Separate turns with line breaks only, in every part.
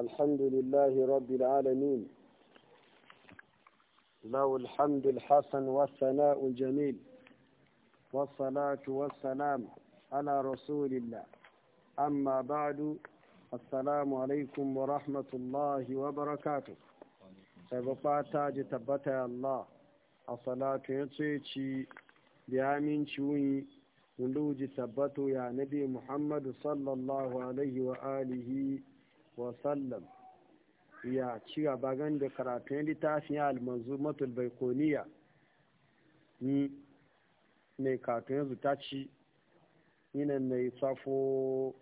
الحمد لله رب العالمين له الحمد الحسن والثناء الجميل والصلاة والسلام على رسول الله أما بعد السلام عليكم ورحمة الله وبركاته سبقاتا جتبتا الله الصلاة يتشيشي بأمين شوي ولوج ثبتوا يا نبي محمد صلى الله عليه وآله وسلم wasallam ya ci gaba gan da karatun fi almanzu matul baikoniya hmm. mai karatun yanzu ta ci yinan na yi safo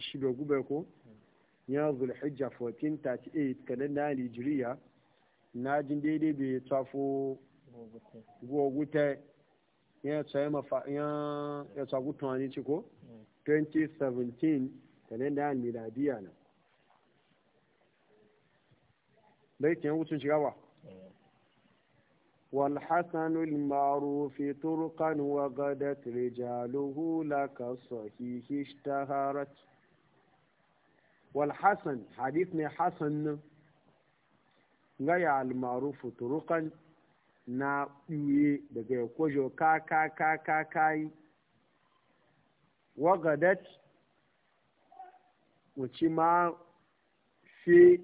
shiga gube ko ya hajja 1438 na nigeria na jin daidai bai safo gugutai. ya tsaye mafa ya tsaku tunani ci ko 2017 tanen da yan na bai tiyan wucin shiga ba والحسن المعروف طرقا وغدت رجاله لك صحيح اشتهرت na ɓuye daga ya ka ka ka ka wagadat ma fi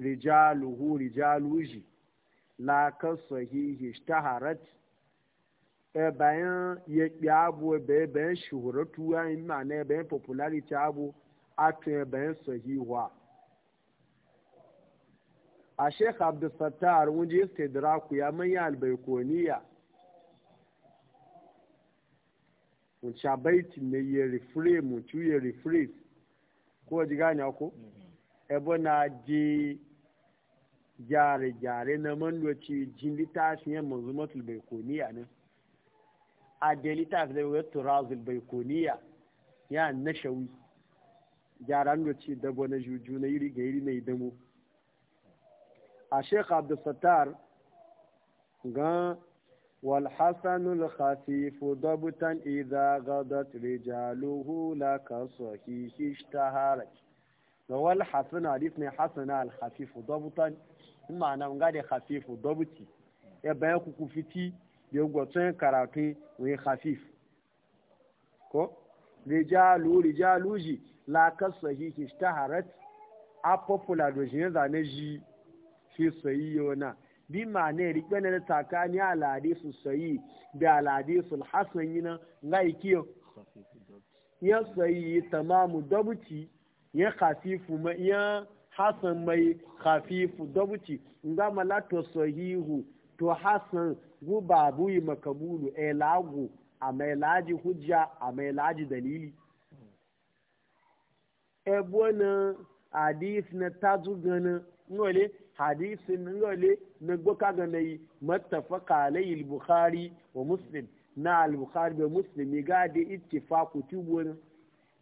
rijaluhu rijaluji la ka sahihi ishtaharat e bayan ya ƙi abu e bayan shuhuratu ya yi ma'ana bayan popularity abu a tun bayan sahihuwa a sheikh abdulsattar wunji draku ya manya albaikoniya wuce baiti ne ya mu tu ya refrain ko ji gani ako mm-hmm. ebo na ji gyare-gyare na mandoci jin littafin yan manzumatul baikoniya ne a da littafin da wato razul baikoniya ya nashawi gyaran da ci dabo na juju na yiri ga yiri na damo a sheikh abdulsattar gan walhassanul khafifu dabutan idha gadat rijaluhu la ka sahihi ishtaharat da walhassan hadith ne hassan al-khafifu dabutan in ma'ana mun gade khafifu dabuti ya bayan kuku fiti da gwatsun karatun wani khafif ko rijalu rijaluji la ka sahihi ishtaharat a popular da shi ne zane ji fi yona bi ma ne rike ne tsakani al hadisu sayyi da al hadisu al hasan na ngai kiyo ya sayi tamamu dabuci ya khafifu ma ya hasan mai khafifu dabuci nga malato sahihu to hasan babu yi makabulu elagu a mai laji hujja a mai laji dalili ebo na hadis na tazu ganin ngole hadisi ngole na goka ga nayi mattafaqa alayhi al-bukhari wa muslim na al-bukhari da muslim ga da ittifaqu tubun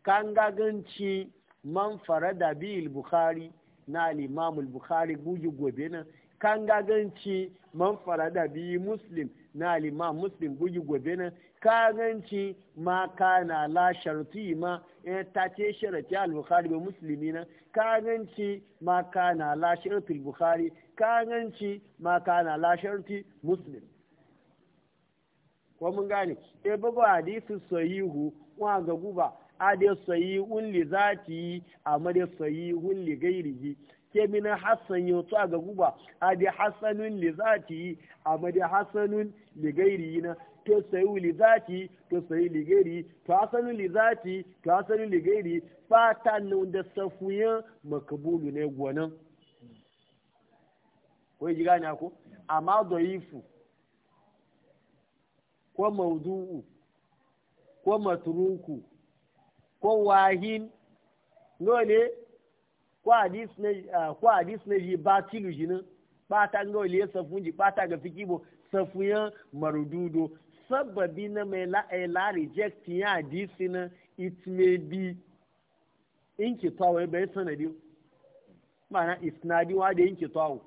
kan ganci man farada bi al-bukhari na al-imam al-bukhari guji gobe na kan ganci man farada bi muslim na al-imam muslim guji gobe nan ganci ma kana la sharti ma Eh, ta ce sharafi al-bukhari ba musulmi na kaganci ma kana la sharfi bukhari kaganci ma ka na sharfi musulmi. kuma mun gane e eh, babu hadisi sahihu wa ga guba a ade sahihun li zati amma de sahihun li gairihi ke mina hassan yau a ga guba da hasanun li zati amma de hasanun li gairihi na to sayu li zati to sayi li gairi to asanu li zati to asanu li gairi fata nan da safuyan makabulu ne gwanan ko ji gane ko amma fu, ko mawdu'u ko matruku ko wahin nole ko hadis ah, ne ji hadis ne ji ta jinan ya ga ji safunji ta ga fikibo safuyan marududo sababi na mai la'aila eh, reject ya hadisi na it may be inki tawo eh, bai sanadi ma'ana isnadi wa da inki tawo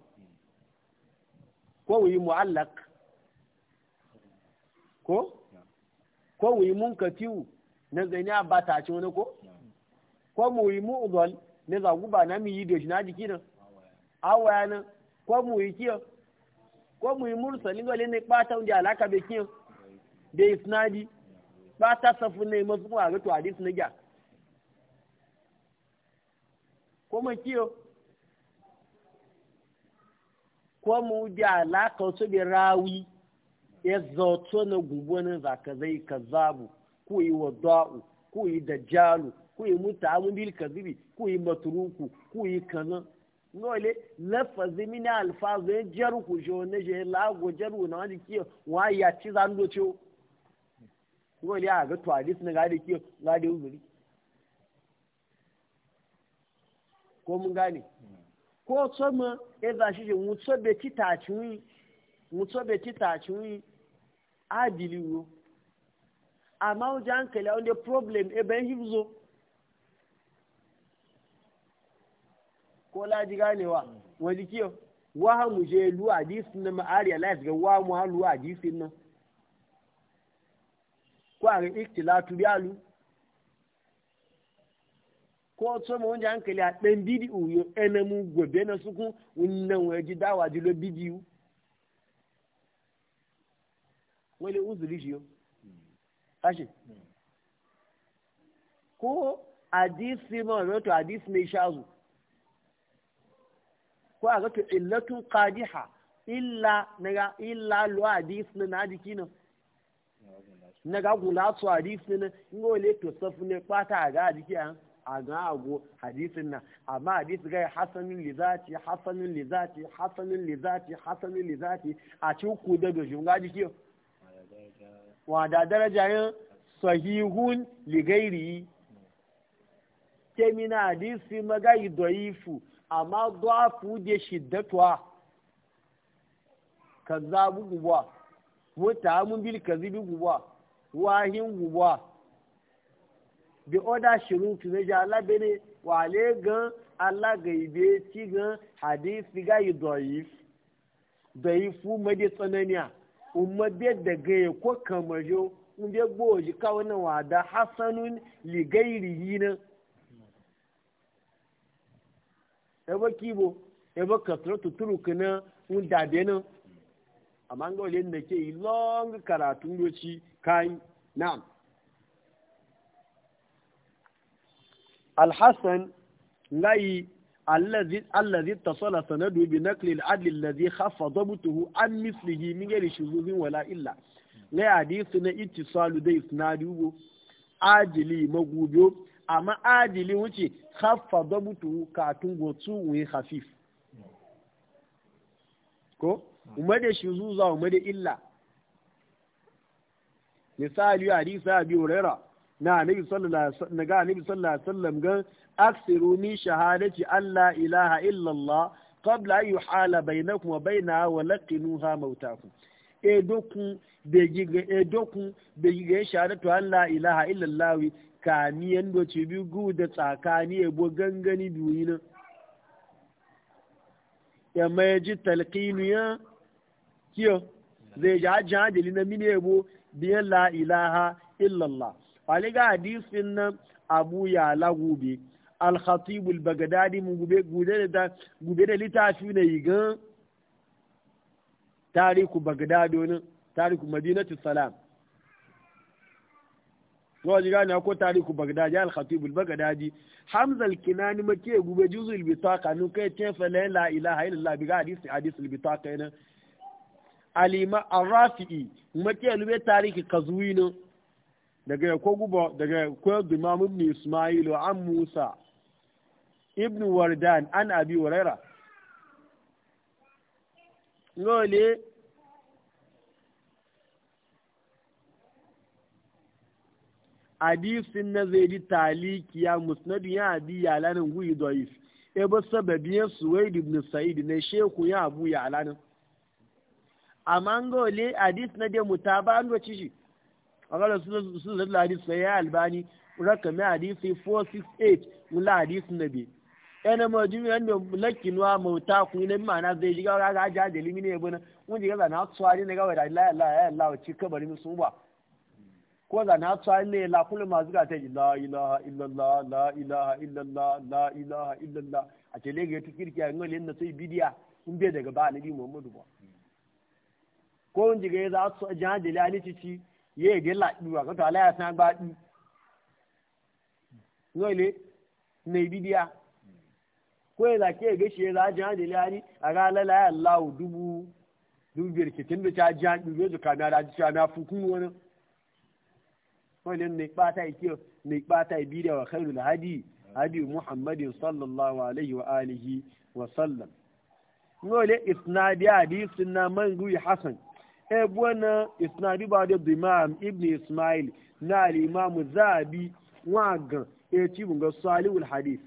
ko wuyi mu'allak ko ko wuyi katiwu na zai a ba ta wani ko ko mu yi mu udol na zagu ba na mu yi da na jiki nan awaya nan ko mu yi kiyo ko mu yi mursalin gole ne kpata wanda alaka bai kiyo da isnadi ba ta safu ne masu kuma ga tuwa hadis na gya ko kiyo ko mu da alaka su bi rawi ya zato na gubonin zaka zai kazabu ko yi da'u ko yi jalu ko yi mutamun ka zibi ko yi matruku ko yi kanan nole lafazi min alfazu ya jaru ku wani shi ya lagu jaru na wani kiyo wa ya ci zan wani ya ga tuwalis na gane kiyo gane uzuri ko mun gane ko tsoma ya zashi shi mutso be titacinwi mutso be titacinwi adili wo amma o wajen hankali a wanda problem ebe hibzo ko laji ganewa wani kiyo wahamu je luwa hadisin na ma'ariya life ga wahamu haluwa hadisin nan ko a iktilatu bialu ko so mo nja hankali a dan bidi uyo enemu gobe na sukun wannan dawa jilo bidiyu uzuri kashi hmm. hmm. ko hadisi ma wato hadisi mai shazu ko a gato illatun qadiha illa naga illa lu hadisi na jiki na na ga gula su hadisi na in to safu ne kwata a ga jiki an a ga ago hadisin na amma hadisi ga hasanun lizati hasanin lizati hasanun lizati hasanun lizati a ci ku da dojin ga jiki wa da daraja yin sahihun ligairi kemina hadisi magayi doifu amma doafu da shiddatuwa kan zabu gubuwa wata mun bil kazibi guba wahin guba bi oda shurutu ne ja Allah bene wale gan Allah gaibe ti gan hadisi ga yi doif doifu made tsananiya umma da gaye ko kamajo in be gboji ka wannan wada hasanun li gairihi na ebo kibo ebo katratu turukuna un dade na amma ga wani yadda ke yi long karatun doci kayan na'am alhassan layi allazi tasala sanadu bi naqli al-adl allazi khaffa dhabtuhu an mislihi min ghairi shuzuzin wala illa ne hadisi na ittisalu da isnadi go ajili magubo amma ajili wuce khaffa dhabtuhu ka tungo tsuwe khafif ko umade shi zuza umade illa misali hadisi abi huraira na annabi sallallahu alaihi ga sallallahu alaihi wasallam gan aksiru ni shahadati alla ilaha illa allah qabla an yuhala bainakum wa bainaha wa laqinuha mautakum edokun begiga edokun begiga shahadatu alla ilaha illa allah kani yando ce bi guda tsakani ebo gangani biyu ne ya mai ji ya. kiyo zai ja jajili na mini ebo biyan la ilaha illallah ga hadisin nan abu ya lagube al-khatib al-baghdadi mu gube gude da gube da litafi ne yigan tariku baghdadi wani tariku madinatu salam wa ji gane ko tariku baghdadi al-khatib al-baghdadi hamza al-kinani make gube juzul bitaqa nun kai ce fa la ilaha illallah bi hadisi hadisi al-bitaqa ne alima arrafi'i maki alube tarihi kazuwino daga ya kogubo daga ya kogu imam ibn wa an musa ibn wardan an abi waraira ngole hadisin na zai ji talikiya musnadu ya abi ya lanin guyi doif ebe sababiyar suwaid ibn sa'id ne Shehu, ya abu ya lanin amma an ga wale hadis na dai mutaba an wace shi a ga su zai hadis sai ya albani hadis sai 468 mula hadis na bi yana ma jimi yadda lakinuwa mauta ku ne ma'ana zai shiga ga ga ja da limini ya bana mun ji ga na tsari ne gawa da la la la ci kabari musu ba ko za na tsari ne la kullu ma zuga ta la ilaha illallah la ilaha illallah la ilaha illallah a ce le ga tukirki a ngolin na sai bidiya in bai daga ba annabi muhammadu ba ko wani jiga ya za su jihar da lali cici ya yi gila ɗuwa ka to alaya san gba ɗu nole na ibidiya ko ya zaki ya gashi ya za jihar da lali a ga lalaya allahu dubu dubu biyar kitin da ta jihar ɗu zai zuka na daji cewa na fukun wani wani ne ɓata ikiyo ne ɓata ibidiya wa khairu hadi hadi muhammadin sallallahu alaihi wa alihi wa sallam nole isnadi hadisin na man ruwi hasan ebwana isnadi ba da imam ibn ismail na al-imam zabi wagan e ci bunga salihul hadith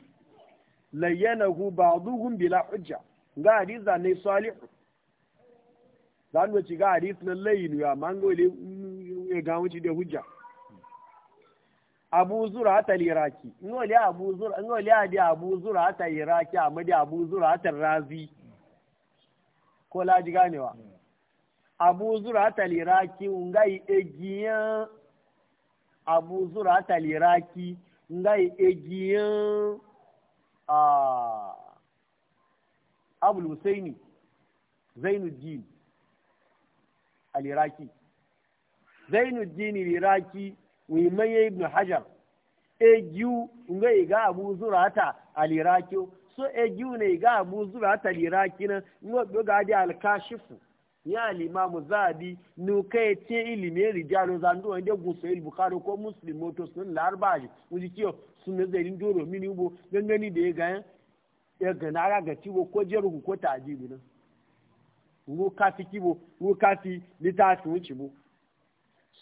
ba duhun bila hujja ga hadith ne salih dan wuci ga hadith na layinu ya mango le ya mm, e ga wuci da hujja abu zura ta liraki ngoli abu zura ngoli adi abu zura ta liraki amma di abu zura ta razi ko laji ganewa mm. abu zura taliraki ngai egiyan abu zura taliraki ngai egiyan a ah, abu husaini zainuddin aliraki zainuddin aliraki wimaye ibn hajar egiyu ngai ga abu zura ta aliraki so egiyu ne ga abu zura ta taliraki nan ngo ga di alkashifu ya limamu nuka ya ce ilimin rijalo zando wanda gusa il bukari ko muslim moto sun larbaji wuji kiyo sun nazarin doro mini ubo gangani da ya gayan ya ara ga ciwo ko jerugu ko tajibi nan wo kafi kibo mu kafi litafi wuce bu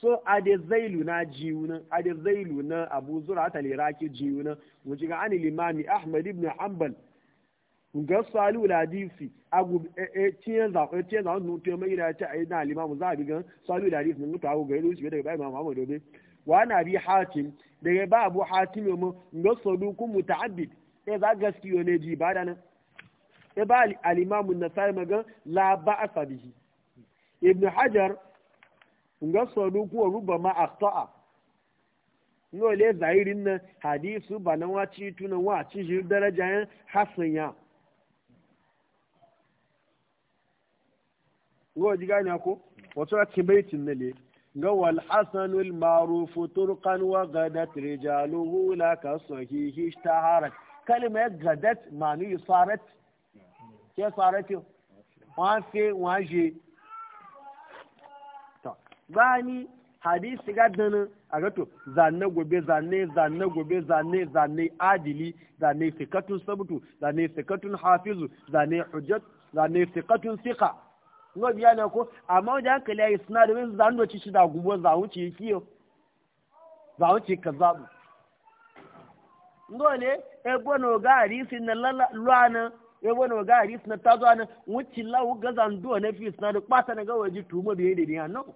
so da zailu na jiyu nan da zailu na abu zura ta liraki jiwu nan wuji ga an limami ahmad ibn hanbal ga salu ladisi agu e, e, tiyan za ko e, tiyan za no to mai gida ta aina alimamu za bi gan salu ladisi mun ta agu ga ilu shi daga bai imamu Muhammad dobe wa na bi hatim daga ba abu hatim mu ga saduku muta'abbid sai za gaskiyo ne ji ba da nan sai ba al-imamu an-nasai magan la ba'sa bihi ibn hajar ga saduku wa rubama akhta'a ngo le zahirin na hadisu banan wa ci tunan wa ci shi daraja hasan ya ngo ji gane ko wato a cikin baitin ne le ga wal hasanul al ma'ruf turqan wa gadat rijaluhu la kasahihi sahihi ishtaharat ya gadat manu sarat ke sarat wa fe wa je to bani hadisi gadana a gato zanne gobe zanne zanne gobe zanne zanne adili zanne sikatun sabutu zanne sikatun hafizu zanne hujjat zanne sikatun sika ngo biya ne ko amma wajen aka ya yi suna domin za doci shi da gubo za wuce kiyo za wuce ka zaɓu ngo ne ebo na oga arisi na lalwana na ebo na oga arisi na tazo na wuce lawu ga zanduwa na fi suna da kwata na ga waje tumo da yadda ne hannu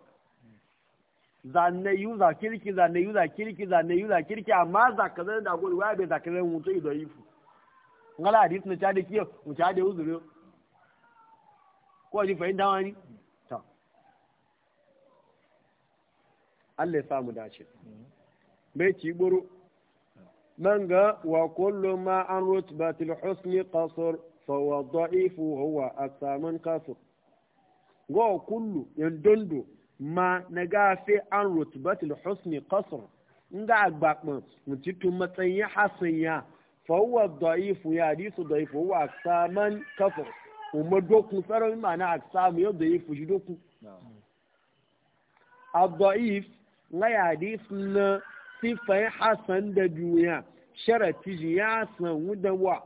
zanne za kirki zanne za kirki zanne za kirki amma za ka zan da gwada waya bai za ka zan wuce ido fu. ngala hadisi na cade kiyo mu cade uzuri ko ji fahimta wani ta Allah ya samu dace bai ci buru man ga wa kullu ma an rutbatil husni qasr fa wa dha'ifu huwa asaman qasr wa kullu yandondo ma na gafe an rutbatil husni kasar inda agbapon mutum matsayin hasanya fa huwa dha'ifu ya hadisu dha'ifu huwa asaman kasar. umar dokun tsaron mana asam samu yadda ya fushi dokun abdu'if na yadi na sifayin hasan da duniya sharati ya san wuda wa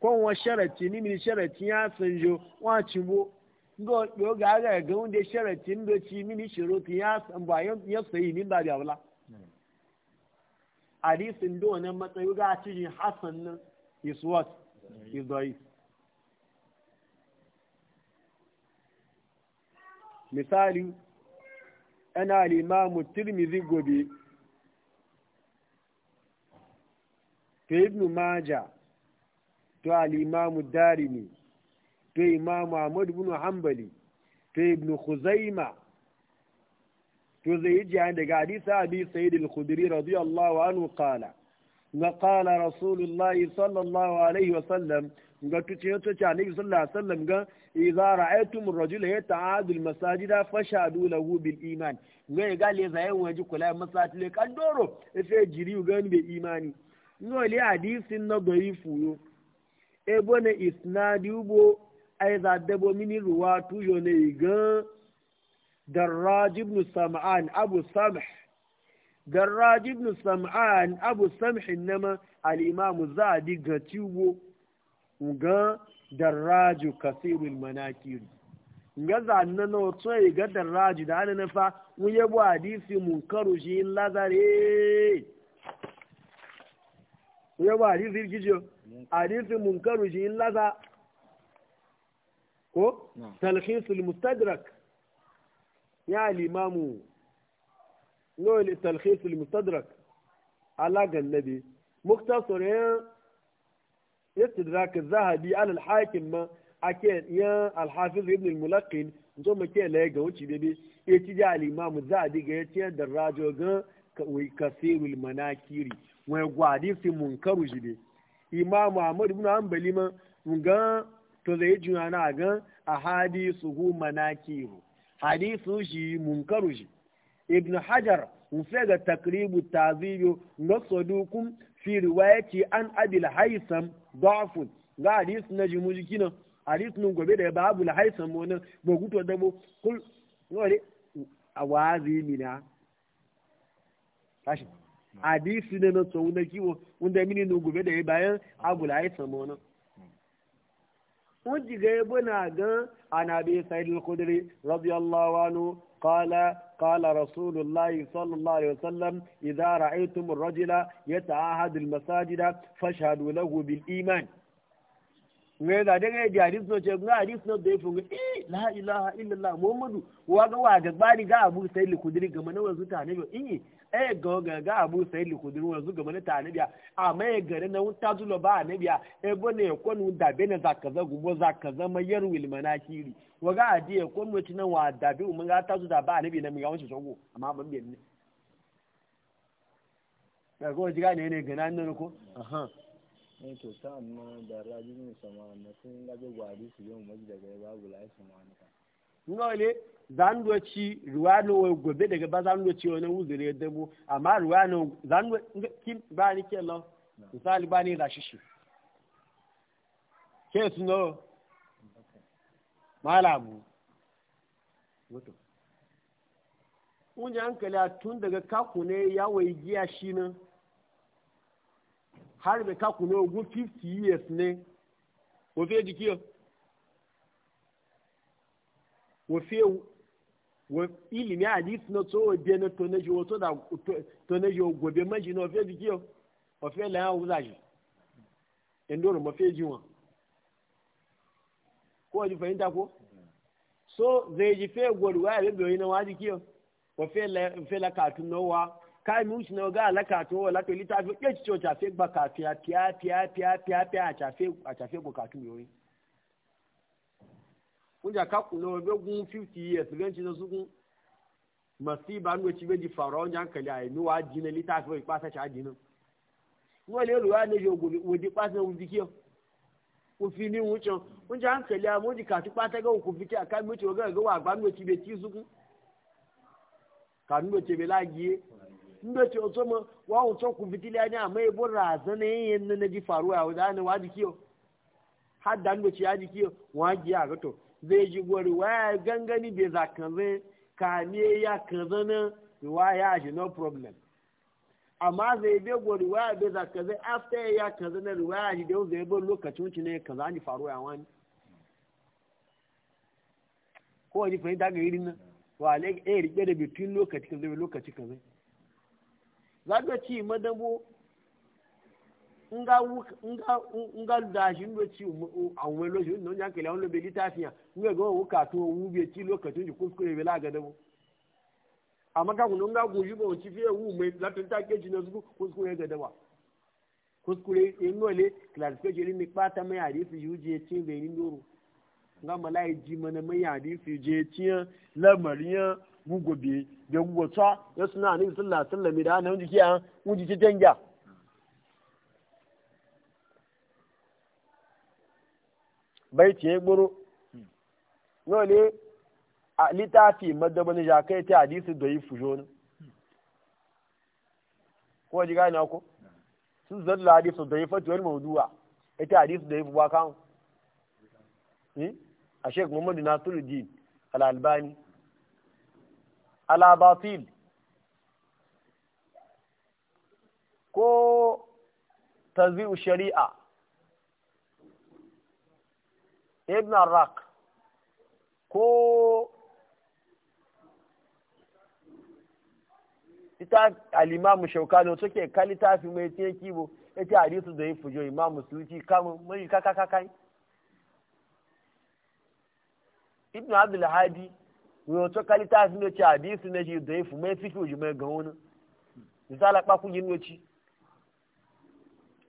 kowa sharati ni ya san jo wacin bo ga ɗo ga ga ga wanda sharati da ya san ba ya sayi ni ba da wala misali ana al'imamu tirmizi gobe to ibnu maja to al'imamu darimi to imamu ahmad ibn hanbali to ibnu khuzaima to zai yi jiya daga hadisa abi sayyid al-khudri radiyallahu anhu qala na qala rasulullahi sallallahu alaihi wa sallam ga tuce yato ce alaihi sallallahu alaihi wasallam ga idza ra'aytum ar-rajul yata'adu al-masajida fashhadu lahu bil iman ga ga le zai waji kula masati le kandoro ife jiri ga ni be imani ngo le hadisin na dhaifu yo e bona isnadi ubo ai za dabo mini ruwa tuyo ne ga darraj ibn sam'an abu samh darraj ibn sam'an abu samh inma al-imam zadi ga tubo ga darraju kasirul manakir ga zanna na wato ya ga darraju da ana nafa mun yabo hadisi mun karo shi lazare mun yabo hadisi gijiyo hadisi mun karo shi laza ko talhin sulmustadrak ya limamu imamu no talhisul mustadrak ala gannabi muktasarin yadda da zaka zahabi alal hakim ma akan ya al hafiz ibn al mulaqin to ma ke la ga wuci bebe ya ci ja al imam zahabi ga ya ci da rajo ga kai kasirul manakiri wai gwadi fi munkaru jibe imam ahmad ibn hanbali ma ga to zai juna na ga ahadisu hu manakiru hadisu shi munkaru ibn hajar mu fega takribu tazibu na sadukum fi riwayati an abil haisam da'fun ga hadis na jimuji kina hadis nun gobe da ba abul haisam mo nan ba guto dabo kul ngore awazi mina tashi hadis ne na so na kiwo unda mini nun gobe da bayan abul haisam mo nan wọ́n jìgẹ́ bọ́nà gan anabi sa'id al-khudri radiyallahu anhu قال قال رسول الله صلى الله عليه وسلم إذا رأيتم الرجل يتعاهد المساجد فاشهدوا له بالإيمان ne da daga yadda hadis no ce ga hadis no da yafi eh la ilaha illallah muhammadu wa ga wa ga bari ga abu sai likudiri ga manawar zuta ne eh e ga ga ga abu sai likudin wa zuga mana ta anabiya amma e gare na wuta zulo ba anabiya e bone e nu da bene za gubo za za ka zakaza mayar wil kiri wa ga adi e konu wati nan wa da bi mun ga ta zu da ba anabi na mun ga wancan shogo amma ban biyan ne ga ko jiga ne ne gana nan ko aha ne eh, to ta amma da rajin sama na sun ga gwadi su yau maji daga babu lafiya ma ne ngole zando ci ruwano wai gobe daga ba zando ci wani uzuri ya dabo amma ruwano zando ba ni ke lo misali ba ni rashi shi ke su no malamu wato kunje hankali tun daga kaku ne ya wai giya shi nan har da kaku ne ogun 50 years ne ko fe jikiyo wofe wa ilimi hadith na so de na to na jiwo tso da to na jiwo gobe maji na ofe dikiyo ofe la ya wuza shi endoro mo fe jiwa ko ji fahimta ko so zai ji fe gwarwa ya rabe na wa dikiyo ofe la fe la ka tun no wa kai mu shi na ga la ka to la to litafi ke ci cho ta fe gba ka fi a pia pia pia pia pia cha fe a cha fe go ka tun yoyin kunja kaku na wabe gun 50 years ganci na sukun masu ba nwa ci fara onye hankali a inu wa jina lita a fi pasa ci ajinin nwa le ruwa ne yo wodi pasa wudi kiyo ko fi ni wucin hankali a moji ka ti pasa ga ku fiti akan mi ci ci ti sukun ka nwa ci la lagiye nwa ci o ma wa e o to ku fiti le ni amma na ji faruwa wa da ne wa di hadda nwa ci ya di kiyo wa zai ji wa waya gangani bai za ka ne ya kanzan riwaya shi no problem amma zai bai wa waya bai za zai after ya kanzan riwaya shi dai zai bai lokacin ci ne za ni faru wani ko wani fahimta ga irin nan wa ne eh rike da bitin lokaci zai lokaci zai za ka ci madabo nga dashi ndo ci awon lojo ndo nya kele awon lobe litafiya nga go wo ka to wu be ci lokacin ji kuskure be laga da mu amma ka kun nga go yubo ci fiye wu mai latin e ta ke ji na su kuskure ga dawa kuskure in nole clarification ni pata mai hadisi yuje ci be ni ndoro nga malai e ji mana mai hadisi je ci lamariya gugobe da gugota ya e suna ni sallallahu alaihi wasallam da nan jiki an mun jiki janja baiti ya gburu no ne a littafi madabani jakai ta hadisi da yi fujo ne ko ji na ko sun zalla hadisu da yi fatuwar mauduwa ita hadisu da yi fuwa kan a sheik muhammadu nasiruddin al'albani alabatil ko tazi'u shari'a ibn arraq ko ita alimamu shaukano suke ka littafi mai tiye kibo ya ce hadisu da ya fujo imamu suci kamun mai kakakakai ibn abdul hadi wato ka littafi mai ce hadisu na shi da ya fi mai fiki uji mai gan wani misali kpakun yin wuci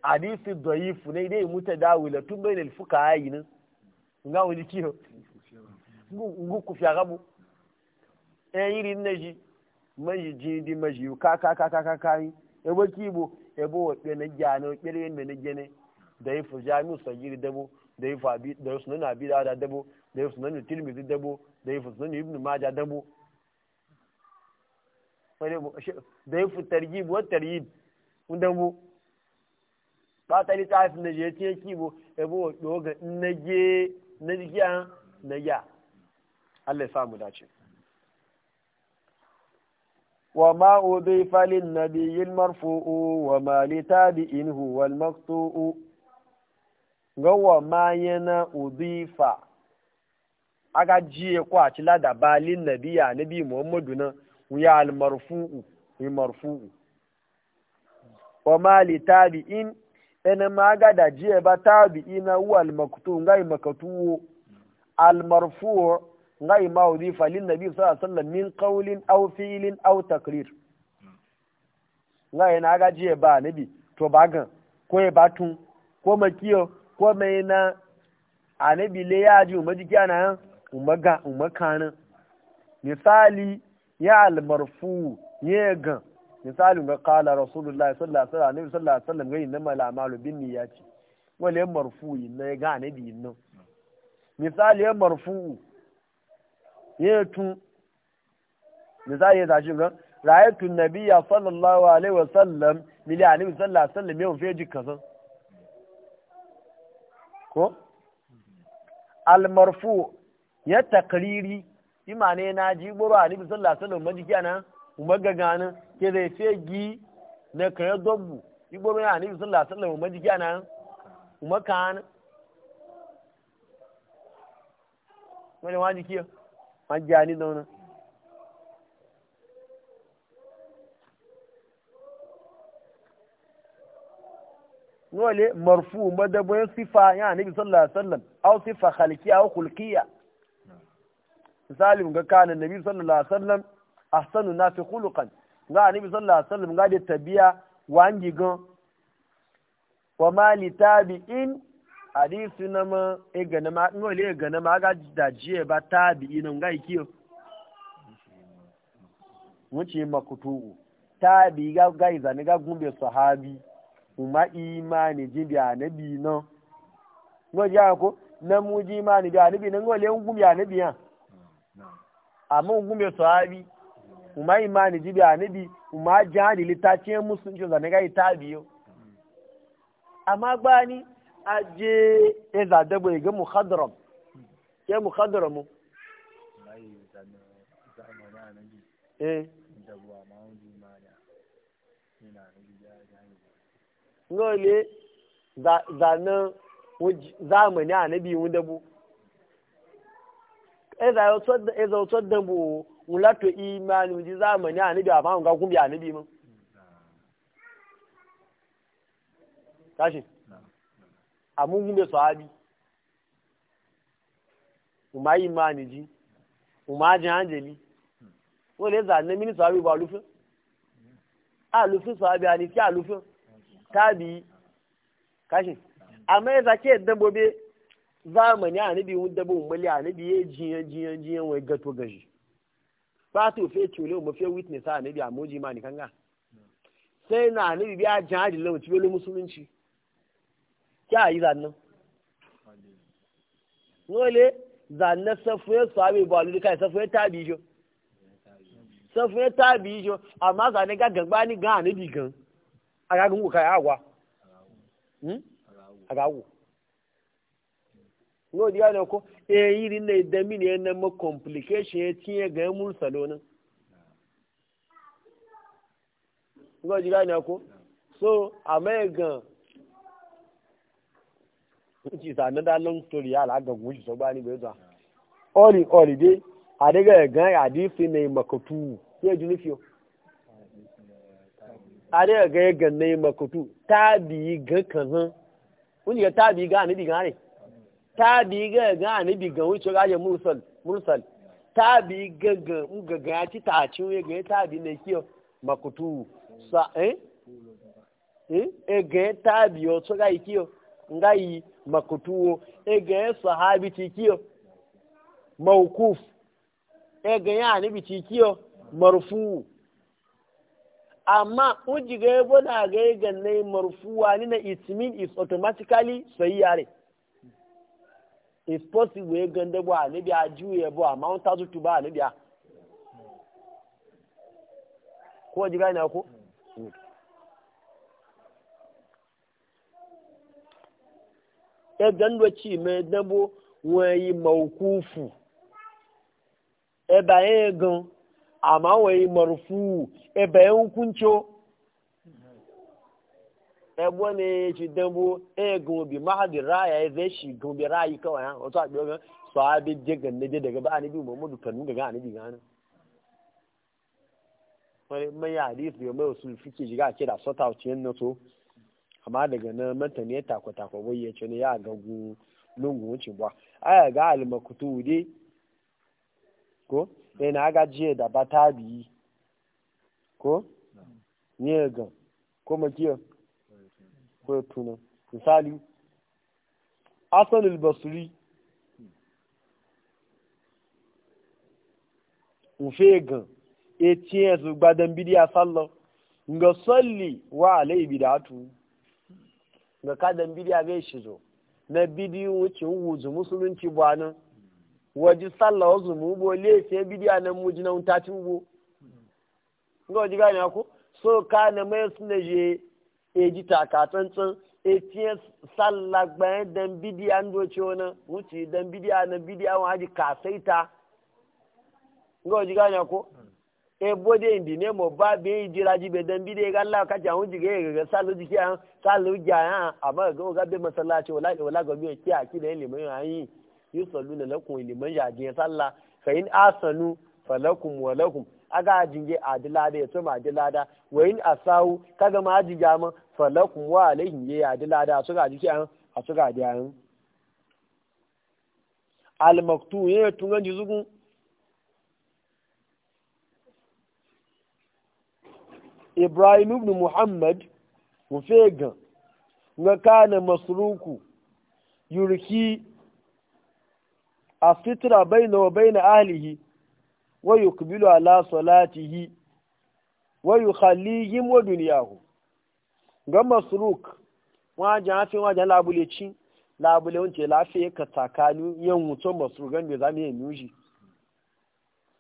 hadisu da ya fi na idai muta dawila tun bai na fuka yayi nan nga wuli kiyo ngu fi gabu e yiri naji maji jindi maji ka ka ka ka ka kai e bo kibo e bo pe na jano kire me na gene da yi fujami yiri dabo da yi bi da yi sunan abi da da dabo da yi sunan tirmidhi dabo da yi sunan ibn majah dabo da yi fu tarjib wa tarjib dabo ba ta li ta fi na je ti kibo e bo do ga na je na jikiya na ya Allah ya samu dace wa ma bi falin nabiyil marfu'u wa ma li tabi'in huwa al maqtu'u gawa ma yana udhifa aga jiye kwa ci lada ba nabiya nabi muhammadu na ya al marfu'u marfu'u wa ma li tabi'in ene maga da jiya ba tabi ina wu al-maktu ngai makatuwo al-marfu ngai ma udifa lin nabi sallallahu alaihi wasallam min qawlin aw fi'lin aw takrir ngai na ga jiya ba nabi to bagan ko e batun ko makiyo ko mai na anabi le ya ji umaji kyana umaga umakana misali ya al-marfu ye gan misalin ga kala rasulullahi sallallahu alaihi wasallam sallallahu alaihi wasallam gani na malamalu bin wale na ga annabi nan misali ya marfu ya tun misali ya tashi ga nabiyya sallallahu alaihi wasallam mili sallallahu alaihi wasallam yau feji al marfu ya takriri imane na jiburu annabi sallallahu alaihi wasallam majiki umarga ganin ke zai ce gi na kare dobu igbo mai hannu sun lasar da umar jiki nan kuma ka hannu wani wa jiki ma jani da wani wale marfu madabayin sifa ya nabi sallallahu alaihi wasallam aw sifa khaliqiya aw khulqiya misali mun ga kana nabi sallallahu alaihi wasallam ahsanu nasi khuluqan ga annabi sallallahu alaihi wasallam ga da tabiya wangi gan wa mali tabi'in hadisi na ma e gana ma no le gana ma ga da jiye ba tabi'in ga ikiyo wuce makutu tabi ga ga izani ga gumbe sahabi kuma imani jibi annabi no ngo ja ko na muji imani bi annabi nan ngo le gumbe annabi ya hmm, hmm. amma gumbe sahabi uma imani jibi anabi uma jihadi litacin e musulunci zane ga ita biyo amma gbani aje ya zada bai ga muhadaram ke e. za Ngole zanen zamani anabi wundabu. Eza yau tsoddan bu mulato imani mu ji zamani anabi a fahimta kun bi anabi mun tashi a mun bai sahabi umma imani ji umma ji hanjali wọ́n lè zàánẹ́ mí ní sahabi ba lufin alufin sahabi a ní ta bi tabi kashi amma ya zake dabbobi zamani anabi wun mali umali anabi ya jiyan jiyan jiyan wai gato gashi pàtó fẹ́ tí olè mo fẹ́ witness a níbi àmójì máa nìkan gà sẹ́yìn náà níbi bí ajá àdìlẹ́ òtí wọ́n ló mùsùlùmí kí àyí lànà. wọ́n lé zànà sẹ́fún ẹ̀ sọ àbẹ̀bọ̀ àlùdíkà sẹ́fún ẹ̀ tàbí ijó sẹ́fún ẹ̀ tàbí ijó àmọ́ zànà gàgàn gbá ní gan àníbi gan agagun kò káyà wá hmm? agawò. wọ́n di ẹni ọkọ e yiri na da mini ya complication ya cinye ga ya mursalo nan ga ji ko so american ci is another long story ya la ga guji so bani be za oli oli dai a daga ga ya di fi ne makatu ya ji nufiyo a daga ga ya ne makatu tabi ga kazan kun ga tabi ga ni diga ne tabi ga ga anabi ga wuce ga mursal mursal tabi ga ga ga ga ci taci ci we ga tabi ne kiyo makutu sa eh eh e ga tabi o so ga kiyo ngai makutu e ga sahabi ci kiyo mawquf e ga ya anabi ci kiyo marfu amma uji ga yabo na ga ga ne marfuwa ni na is automatically sayyare so is possible ya ganda ba ne biya juye ba amma wani tazo tu ba ne biya ko ji gane ko ya gando ci mai dabo wani maukufu ebe ya gan amma wani marufu ebe ya hukuncio ebo ne shi dambo e gobi mahadin raya ya zai shi gobi rayi kawai ha a biyo ga sahabi jigan na a daga ba anabi kanu daga anabi na wani mai hadis da mai wasu fike shiga ke da sota wuce yin na so amma daga nan mantani ya takwa takwa bai ya ya ga almakutu ko tuna misali asalul basri ufe gan etinye su gbadan bidiya sallo ga salli wa alai bidatu ga kadan bidiya bai shi na bidiyo wuce wuzu musulunci bwana waje sallah wazu mu bo le sai bidiya nan muji na unta tubo ga waje gane ko so ka kana mai sunaje eji takatsantsan etinye sallah bayan dan bidiya ndoce wani wuce dan bidiya na bidiya wani haji kasaita nga oji ganya ko hmm. ebo de indi ne mo ba be jira ji be dan bidiya ga Allah ka ja hunji ga ga sallu ji ya sallu ja ya amma ga ga be masallaci wala wala ga biyo ki aki da liman yayi yusalluna lakum liman ya ji sallah fa in asanu falakum wa lakum aga jinge adila da ya tuma adila wa in asau kaga ma ajija ma falakun wa alaihin ya yadi lada su ga jiki an a su ga diyan almaktu ya yi tungan jizugun ibrahim ibn muhammad mufegan nga kana masruku yurki a fitra baina wa baina ahlihi wa yukbilu ala salatihi wa yukhallihim wa duniyahu ga masruk wajen hafi wajen labule ci labule wance lafiya ka tsakani yan mutum masruk gan bai za mu yi nuji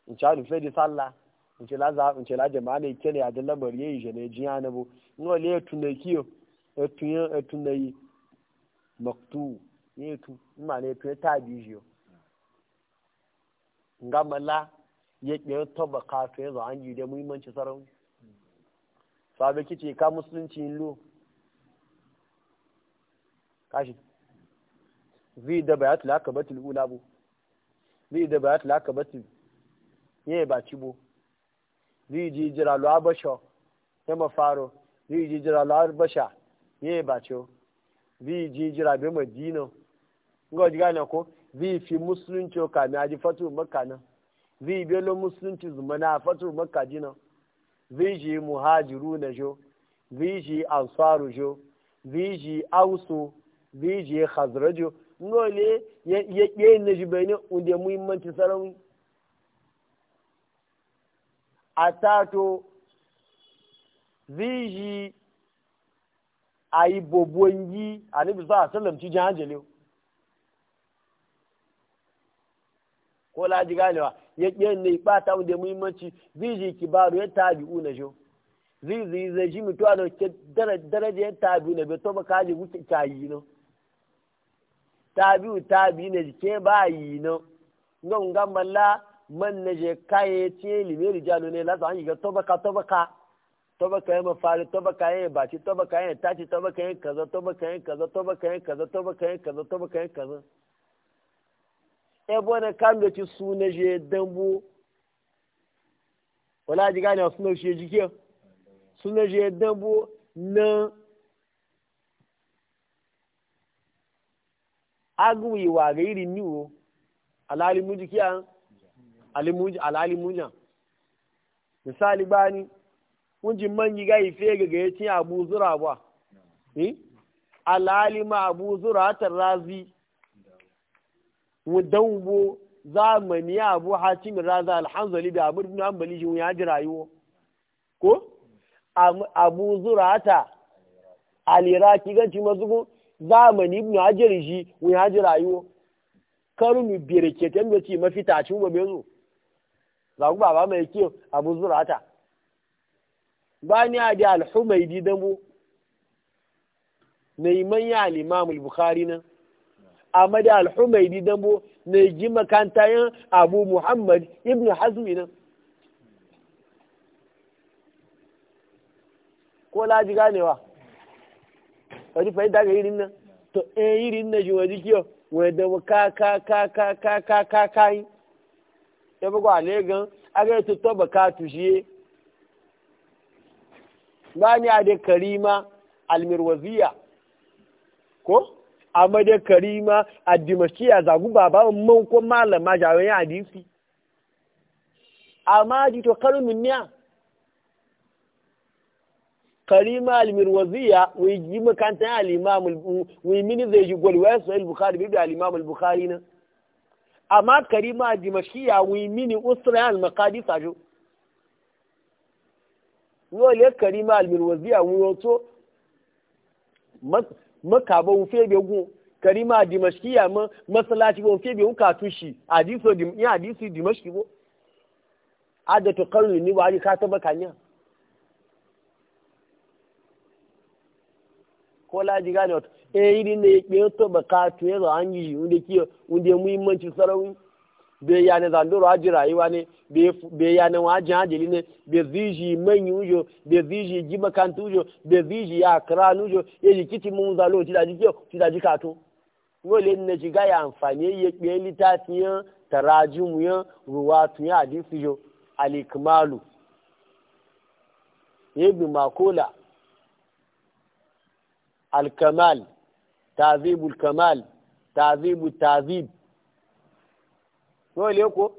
in ci hannu fedi sallah in ci laza in ci laje ma ne kene a dalabar yayi je ne jiya na bu in wale ya tunai kiyo ya tunan ya tunai maktu ya tu in ma ne tunai ta bijiyo ngamala ya kiyar tabaka to yanzu an yi da muhimmanci sarauni sabe kice ka musulunci lo kashi zai da bayat lakabatul ula bu zai da bayat lakabatul yayi ba cibo zai ji jira lo abasha ya faro zai ji jira lo abasha yayi ba o zai ji jira be dino ngo ji na ko zai fi musulunci ka mi aji fatu makka nan zai belo musulunci zuma na fatu makka jinan viji muhajiru na jo viji ansaru jo viji ausu viji hazra jo ngole ya yi na ji bayani inda muhimmanci sarauni a tato viji a yi bobon yi a nufi sa a salamci jihar jalewa ko laji ganewa ya ƙiyan ne ba ta da muhimmanci zai ji kibaru ya tabi una jo zai zai zai ji mutuwa da ke daraja ya tabi una bai to ba ka kaji wuce yi no tabi tabi na jike ba yi no ngon gamala man na je kaye ce limeri jano ne lasa an yi ga to to to to ba ba ba ba ka ka ka ka yi ma fari yi ba ci to ba ka yi ta ci to ba ka yi kaza to ba ka yi kaza to ba ka yi kaza to ba ka yi kaza to ba ka yi kaza ebo na kando ci suna je dambu wala ji gane suna je jike suna je dambu na agwi wa ga iri niwo alalimu jikiya nya misali bani man yi ga fe ga ga yace abu zura ba eh alalima abu zura tarrazi wadanbo zamani ya abu hatim raza alhanzali da abu ibn hanbali shi ya ji rayuwa ko abu zurata aliraki ganci mazugu zamani ibn hajar shi ya ji rayuwa karnu ta da ce mafita cin gobe zo za ku ba mai kiyo abu zurata bani a da alhumaidi dambo na yi manya al-imam al-bukhari nan ahmadu al-Humaydi dan ne ji makanta Abu Muhammad ibn hazmi nan ko laji ganewa wani fahimta ga irin nan to eh irin nan ji wani kiyo wani da ka ka ka ka ka ka ka ka yi ya bugu a aga yi tuto ba ka tushiye ba ni a da karima almirwaziya ko amade karima a dimashkiya zagu baba man ko malama jawo ya hadisi amma ji to kalmin niya karima almirwaziya wai yi makanta al-imam wai mini zai ji gwalwa sahih bukhari bi al-imam al-bukhari na amma karima dimashkiya wai mini usra al-maqadis ajo wai karima almirwaziya wai to makaba un febe gun karima ya ma masallaci ba wuka febe shi katushi hadiso dim ya hadisi dimashki bo adatu karni ni wari ka taba kanya ko laji gane wato eh irin ne ya to katu ya zo an yi wanda kiyo wanda muhimmanci sarauni bai ya ne zandoro aji rayuwa ne bai ya ne wajen hajjali ne bai ziji manyi ujo bai ziji ji makanta ujo bai ziji ya kira ujo ya ji kiti mun zalo ti daji kiyo ti daji kato wole ne ci ga ya amfani ya kpe litati yan tarajimu yan ruwatu yan hadisi yo alikmalu ibn makola alkamal tazibul kamal tazibul tazib wale ko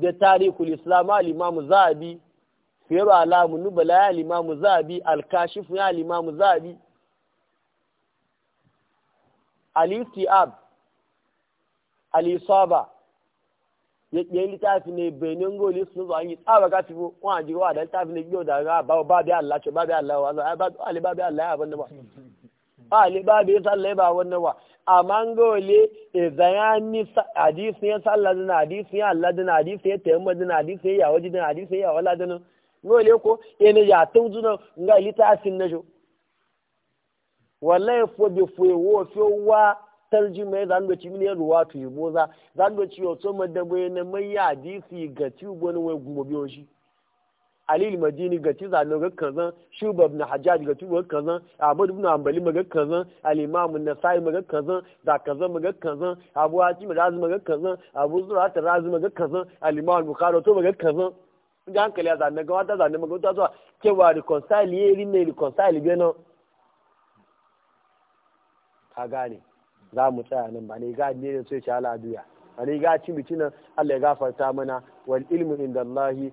da tarihul islam al-imamu zahabi fiyaru alamu nubala ya al-imamu zahabi al-kashifu ya al-imamu zahabi al-istiab al-isaba yẹ litafi ne benin goli sun zuwa yi tsaba ka fi wọn ajiye wa da litafi ne yau da ga ba ba bi Allah ce ba bi Allah wa ali ba bi Allah ya da ba ali ba bi sallah ba wannan ba amma ngole e zaya ni hadisi ya sallah din hadisi ya Allah din hadisi ya tayammud din hadisi ya yawaji din hadisi ya wala din ngole ko ene ya tawjuna nga litasin najo wallahi fo be fo e wo fo e wa tarjima ya e zan doci mini ruwa tu yi boza zan doci yau so madabo ne mai ya hadisi ga ci wani wai gumo biyo shi alil madini ga ci zano ga kazan shubab na hajjaj ga tuba kazan ahmad ibn hanbali ma ga kazan al-imam an-nasai ma ga kazan da kazan ma ga kazan abu hatim razi ma ga kazan abu zurat razi ma ga kazan al-imam al-bukhari to ma ga kazan ga hankali ya zanne ga wata zanne ma ga wata zuwa cewa reconcile ye ri ne reconcile be no ka gane za mu tsaya nan ba ne ga ne sai sha ala duya ba ne ga cin bicin Allah ya gafarta mana wal ilmu indallahi